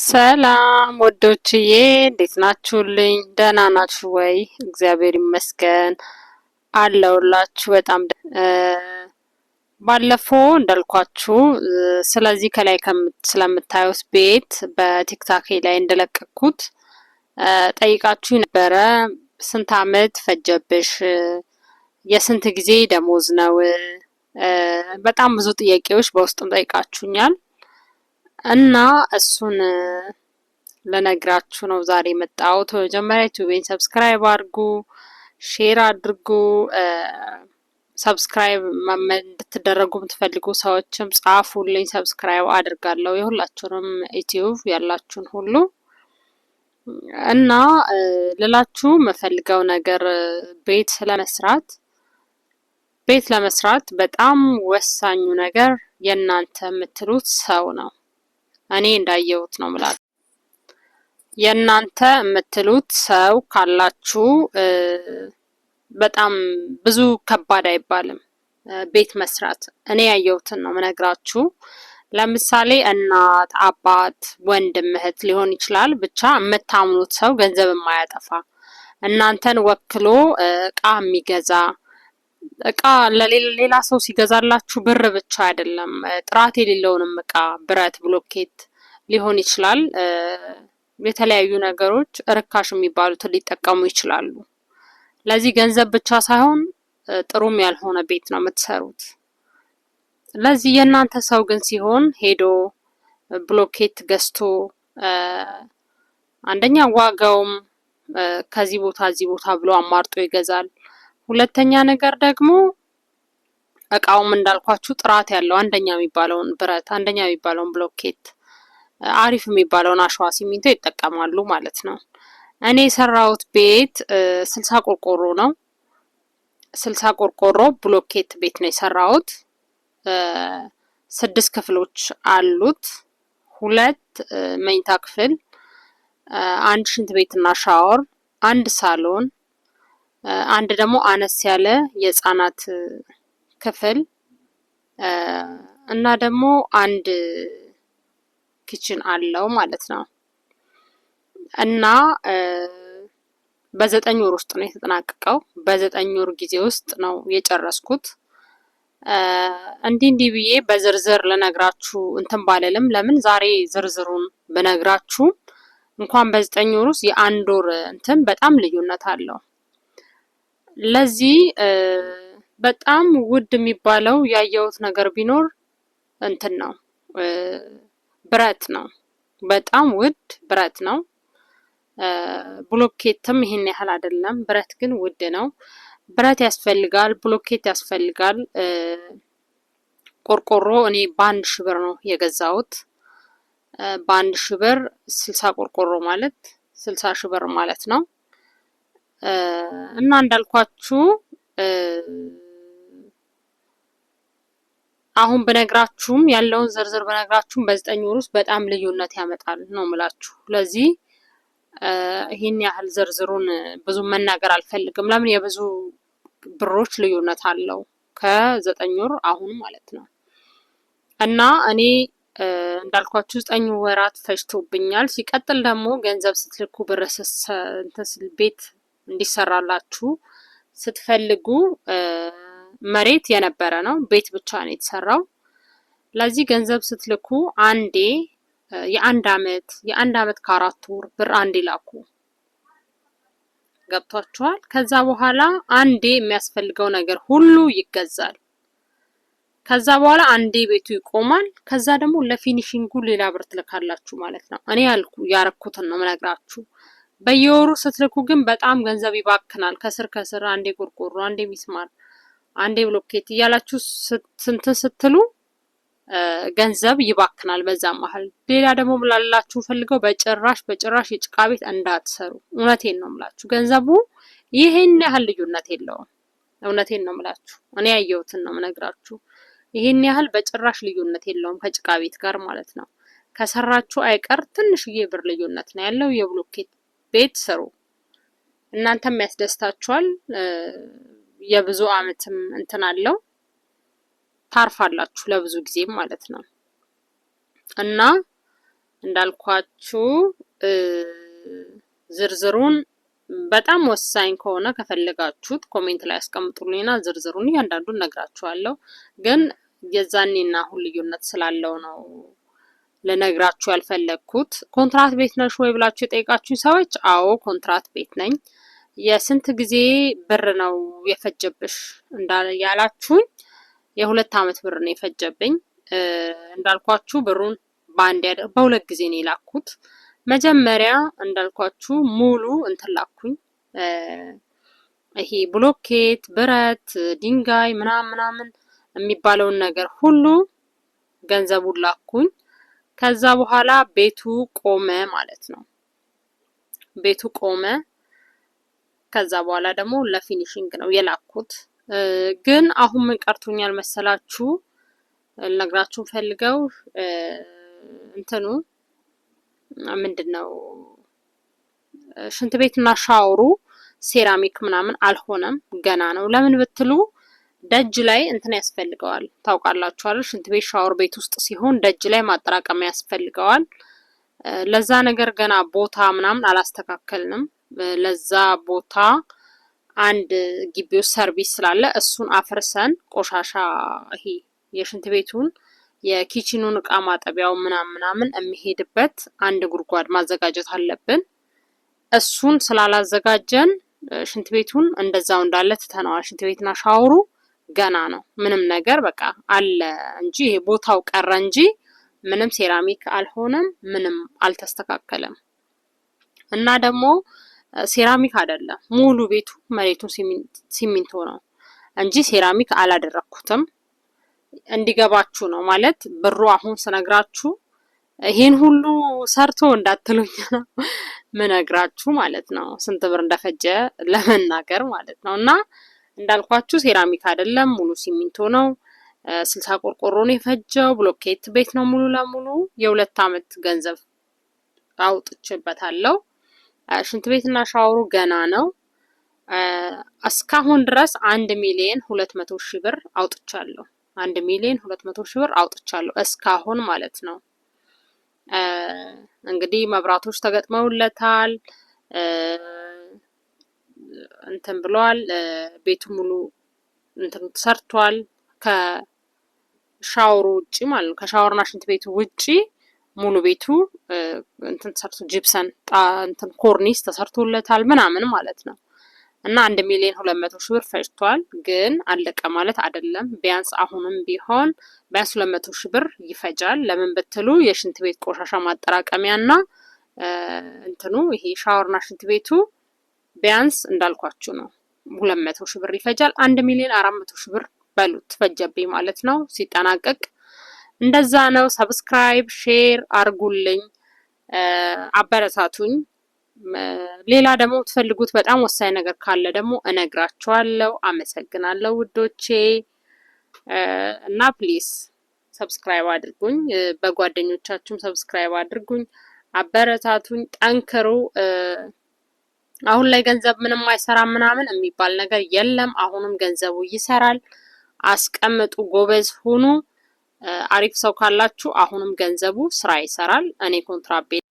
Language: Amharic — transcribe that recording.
ሰላም ወዶችዬ እንዴት ናችሁልኝ? ደህና ናችሁ ወይ? እግዚአብሔር ይመስገን አለውላችሁ። በጣም ባለፈው እንዳልኳችሁ ስለዚህ ከላይ ስለምታዩት ቤት በቲክታኬ ላይ እንደለቀኩት ጠይቃችሁ ነበረ። ስንት አመት ፈጀብሽ? የስንት ጊዜ ደሞዝ ነው? በጣም ብዙ ጥያቄዎች በውስጥም ጠይቃችሁኛል። እና እሱን ለነግራችሁ ነው ዛሬ የመጣሁት። መጀመሪያ ዩቲዩቤን ሰብስክራይብ አድርጉ፣ ሼር አድርጉ። ሰብስክራይብ እንድትደረጉ የምትፈልጉ ሰዎችም ጻፉልኝ፣ ሰብስክራይብ አድርጋለሁ። የሁላችሁንም ዩቲዩብ ያላችሁን ሁሉ እና ልላችሁ የምፈልገው ነገር ቤት ለመስራት ቤት ለመስራት በጣም ወሳኙ ነገር የእናንተ የምትሉት ሰው ነው። እኔ እንዳየሁት ነው ምላት። የእናንተ የምትሉት ሰው ካላችሁ በጣም ብዙ ከባድ አይባልም ቤት መስራት። እኔ ያየሁትን ነው ምነግራችሁ። ለምሳሌ እናት፣ አባት፣ ወንድም፣ እህት ሊሆን ይችላል። ብቻ የምታምኑት ሰው ገንዘብ የማያጠፋ እናንተን ወክሎ እቃ የሚገዛ እቃ ለሌላ ሰው ሲገዛላችሁ ብር ብቻ አይደለም፣ ጥራት የሌለውንም እቃ ብረት፣ ብሎኬት ሊሆን ይችላል። የተለያዩ ነገሮች ርካሽ የሚባሉትን ሊጠቀሙ ይችላሉ። ለዚህ ገንዘብ ብቻ ሳይሆን ጥሩም ያልሆነ ቤት ነው የምትሰሩት። ለዚህ የእናንተ ሰው ግን ሲሆን ሄዶ ብሎኬት ገዝቶ አንደኛ ዋጋውም ከዚህ ቦታ እዚህ ቦታ ብሎ አማርጦ ይገዛል። ሁለተኛ ነገር ደግሞ እቃውም እንዳልኳችሁ ጥራት ያለው አንደኛ የሚባለውን ብረት፣ አንደኛ የሚባለውን ብሎኬት፣ አሪፍ የሚባለውን አሸዋ ሲሚንቶ ይጠቀማሉ ማለት ነው። እኔ የሰራሁት ቤት ስልሳ ቆርቆሮ ነው። ስልሳ ቆርቆሮ ብሎኬት ቤት ነው የሰራሁት። ስድስት ክፍሎች አሉት። ሁለት መኝታ ክፍል፣ አንድ ሽንት ቤትና ሻወር፣ አንድ ሳሎን አንድ ደግሞ አነስ ያለ የህፃናት ክፍል እና ደግሞ አንድ ኪችን አለው ማለት ነው። እና በዘጠኝ ወር ውስጥ ነው የተጠናቀቀው። በዘጠኝ ወር ጊዜ ውስጥ ነው የጨረስኩት። እንዲህ እንዲህ ብዬ በዝርዝር ልነግራችሁ እንትን ባለልም ለምን ዛሬ ዝርዝሩን ብነግራችሁ እንኳን በዘጠኝ ወር ውስጥ የአንድ ወር እንትን በጣም ልዩነት አለው። ለዚህ በጣም ውድ የሚባለው ያየሁት ነገር ቢኖር እንትን ነው፣ ብረት ነው። በጣም ውድ ብረት ነው። ብሎኬትም ይሄን ያህል አይደለም። ብረት ግን ውድ ነው። ብረት ያስፈልጋል፣ ብሎኬት ያስፈልጋል። ቆርቆሮ እኔ በአንድ ሽብር ብር ነው የገዛሁት። በአንድ ሽብር ብር ስልሳ ቆርቆሮ ማለት ስልሳ ሽብር ብር ማለት ነው። እና እንዳልኳችሁ አሁን ብነግራችሁም ያለውን ዝርዝር ብነግራችሁም በዘጠኝ ወር ውስጥ በጣም ልዩነት ያመጣል ነው ምላችሁ። ለዚህ ይህን ያህል ዝርዝሩን ብዙ መናገር አልፈልግም። ለምን የብዙ ብሮች ልዩነት አለው ከዘጠኝ ወር አሁን ማለት ነው። እና እኔ እንዳልኳችሁ ዘጠኝ ወራት ፈጅቶብኛል። ሲቀጥል ደግሞ ገንዘብ ስትልኩ ብር ቤት እንዲሰራላችሁ ስትፈልጉ መሬት የነበረ ነው፣ ቤት ብቻ ነው የተሰራው። ለዚህ ገንዘብ ስትልኩ አንዴ የአንድ አመት የአንድ አመት ከአራት ወር ብር አንዴ ላኩ። ገብቷችኋል? ከዛ በኋላ አንዴ የሚያስፈልገው ነገር ሁሉ ይገዛል። ከዛ በኋላ አንዴ ቤቱ ይቆማል። ከዛ ደግሞ ለፊኒሽንጉ ሌላ ብር ትልካላችሁ ማለት ነው። እኔ ያልኩ ያረኩትን ነው ምነግራችሁ። በየወሩ ስትልኩ ግን በጣም ገንዘብ ይባክናል። ከስር ከስር አንዴ ቆርቆሮ፣ አንዴ ሚስማር፣ አንዴ ብሎኬት እያላችሁ ስንትን ስትሉ ገንዘብ ይባክናል። በዛ መሀል ሌላ ደግሞ ምላላችሁ ፈልገው በጭራሽ በጭራሽ የጭቃ ቤት እንዳትሰሩ። እውነቴን ነው ምላችሁ፣ ገንዘቡ ይሄን ያህል ልዩነት የለውም። እውነቴን ነው ምላችሁ፣ እኔ ያየሁትን ነው ምነግራችሁ። ይሄን ያህል በጭራሽ ልዩነት የለውም ከጭቃ ቤት ጋር ማለት ነው። ከሰራችሁ አይቀር ትንሽዬ ብር ልዩነት ነው ያለው የብሎኬት ቤት ስሩ። እናንተም ያስደስታችኋል። የብዙ አመትም እንትን አለው ታርፋላችሁ፣ ለብዙ ጊዜም ማለት ነው እና እንዳልኳችሁ ዝርዝሩን በጣም ወሳኝ ከሆነ ከፈለጋችሁት ኮሜንት ላይ አስቀምጡልኝና ዝርዝሩን እያንዳንዱን ነግራችኋለሁ። ግን የዛኔና አሁን ልዩነት ስላለው ነው ልነግራችሁ ያልፈለግኩት ኮንትራት ቤት ነሽ ወይ ብላችሁ የጠየቃችሁኝ ሰዎች፣ አዎ ኮንትራት ቤት ነኝ። የስንት ጊዜ ብር ነው የፈጀብሽ ያላችሁኝ፣ የሁለት ዓመት ብር ነው የፈጀብኝ። እንዳልኳችሁ ብሩን በአንድ በሁለት ጊዜ ነው የላኩት። መጀመሪያ እንዳልኳችሁ ሙሉ እንትን ላኩኝ። ይሄ ብሎኬት፣ ብረት፣ ድንጋይ ምናምን ምናምን የሚባለውን ነገር ሁሉ ገንዘቡን ላኩኝ። ከዛ በኋላ ቤቱ ቆመ ማለት ነው። ቤቱ ቆመ። ከዛ በኋላ ደግሞ ለፊኒሽንግ ነው የላኩት። ግን አሁን ምን ቀርቶኛል መሰላችሁ ልነግራችሁ ፈልገው እንትኑ ምንድን ነው ሽንት ቤትና ሻወሩ ሴራሚክ ምናምን አልሆነም፣ ገና ነው። ለምን ብትሉ ደጅ ላይ እንትን ያስፈልገዋል ታውቃላችሁ አይደል? ሽንት ቤት ሻወር ቤት ውስጥ ሲሆን ደጅ ላይ ማጠራቀሚያ ያስፈልገዋል። ለዛ ነገር ገና ቦታ ምናምን አላስተካከልንም። ለዛ ቦታ አንድ ግቢ ውስጥ ሰርቪስ ስላለ እሱን አፍርሰን ቆሻሻ ይሄ የሽንት ቤቱን የኪችኑን እቃ ማጠቢያው ምናምን ምናምን የሚሄድበት አንድ ጉድጓድ ማዘጋጀት አለብን። እሱን ስላላዘጋጀን ሽንት ቤቱን እንደዛው እንዳለ ትተነዋል። ሽንት ቤትና ሻወሩ ገና ነው። ምንም ነገር በቃ አለ እንጂ ይሄ ቦታው ቀረ እንጂ ምንም ሴራሚክ አልሆነም፣ ምንም አልተስተካከለም። እና ደግሞ ሴራሚክ አይደለም ሙሉ ቤቱ መሬቱ ሲሚንቶ ነው እንጂ ሴራሚክ አላደረኩትም። እንዲገባችሁ ነው ማለት ብሩ አሁን ስነግራችሁ ይሄን ሁሉ ሰርቶ እንዳትሉኝ ነው ምነግራችሁ ማለት ነው። ስንት ብር እንደፈጀ ለመናገር ማለት ነው እና እንዳልኳችሁ ሴራሚክ አይደለም፣ ሙሉ ሲሚንቶ ነው። ስልሳ ቆርቆሮ ነው የፈጀው። ብሎኬት ቤት ነው ሙሉ ለሙሉ የሁለት አመት ገንዘብ አውጥቼበታለሁ። ሽንት ቤትና ሻወሩ ገና ነው። እስካሁን ድረስ አንድ ሚሊየን ሁለት መቶ ሺ ብር አውጥቻለሁ። አንድ ሚሊየን ሁለት መቶ ሺ ብር አውጥቻለሁ እስካሁን ማለት ነው። እንግዲህ መብራቶች ተገጥመውለታል። እንትን ብለዋል። ቤቱ ሙሉ እንትን ተሰርቷል። ከሻወሩ ውጭ ማለት ነው። ከሻወርና ሽንት ቤቱ ውጭ ሙሉ ቤቱ እንትን ተሰርቶ ጂፕሰን እንትን ኮርኒስ ተሰርቶለታል ምናምን ማለት ነው። እና አንድ ሚሊዮን ሁለት መቶ ሺህ ብር ፈጅቷል። ግን አለቀ ማለት አይደለም። ቢያንስ አሁንም ቢሆን ቢያንስ ሁለት መቶ ሺህ ብር ይፈጃል። ለምን ብትሉ የሽንት ቤት ቆሻሻ ማጠራቀሚያ እና እንትኑ ይሄ ሻወርና ሽንት ቤቱ ቢያንስ እንዳልኳችሁ ነው ሁለት መቶ ሺህ ብር ይፈጃል። አንድ ሚሊዮን አራት መቶ ሺህ ብር በሉት ፈጀብኝ ማለት ነው ሲጠናቀቅ እንደዛ ነው። ሰብስክራይብ ሼር አርጉልኝ፣ አበረታቱኝ። ሌላ ደግሞ የምትፈልጉት በጣም ወሳኝ ነገር ካለ ደግሞ እነግራችኋለሁ። አመሰግናለሁ ውዶቼ እና ፕሊስ ሰብስክራይብ አድርጉኝ፣ በጓደኞቻችሁም ሰብስክራይብ አድርጉኝ፣ አበረታቱኝ፣ ጠንክሩ። አሁን ላይ ገንዘብ ምንም አይሰራም ምናምን የሚባል ነገር የለም። አሁንም ገንዘቡ ይሰራል። አስቀምጡ፣ ጎበዝ ሁኑ። አሪፍ ሰው ካላችሁ አሁንም ገንዘቡ ስራ ይሰራል። እኔ ኮንትራት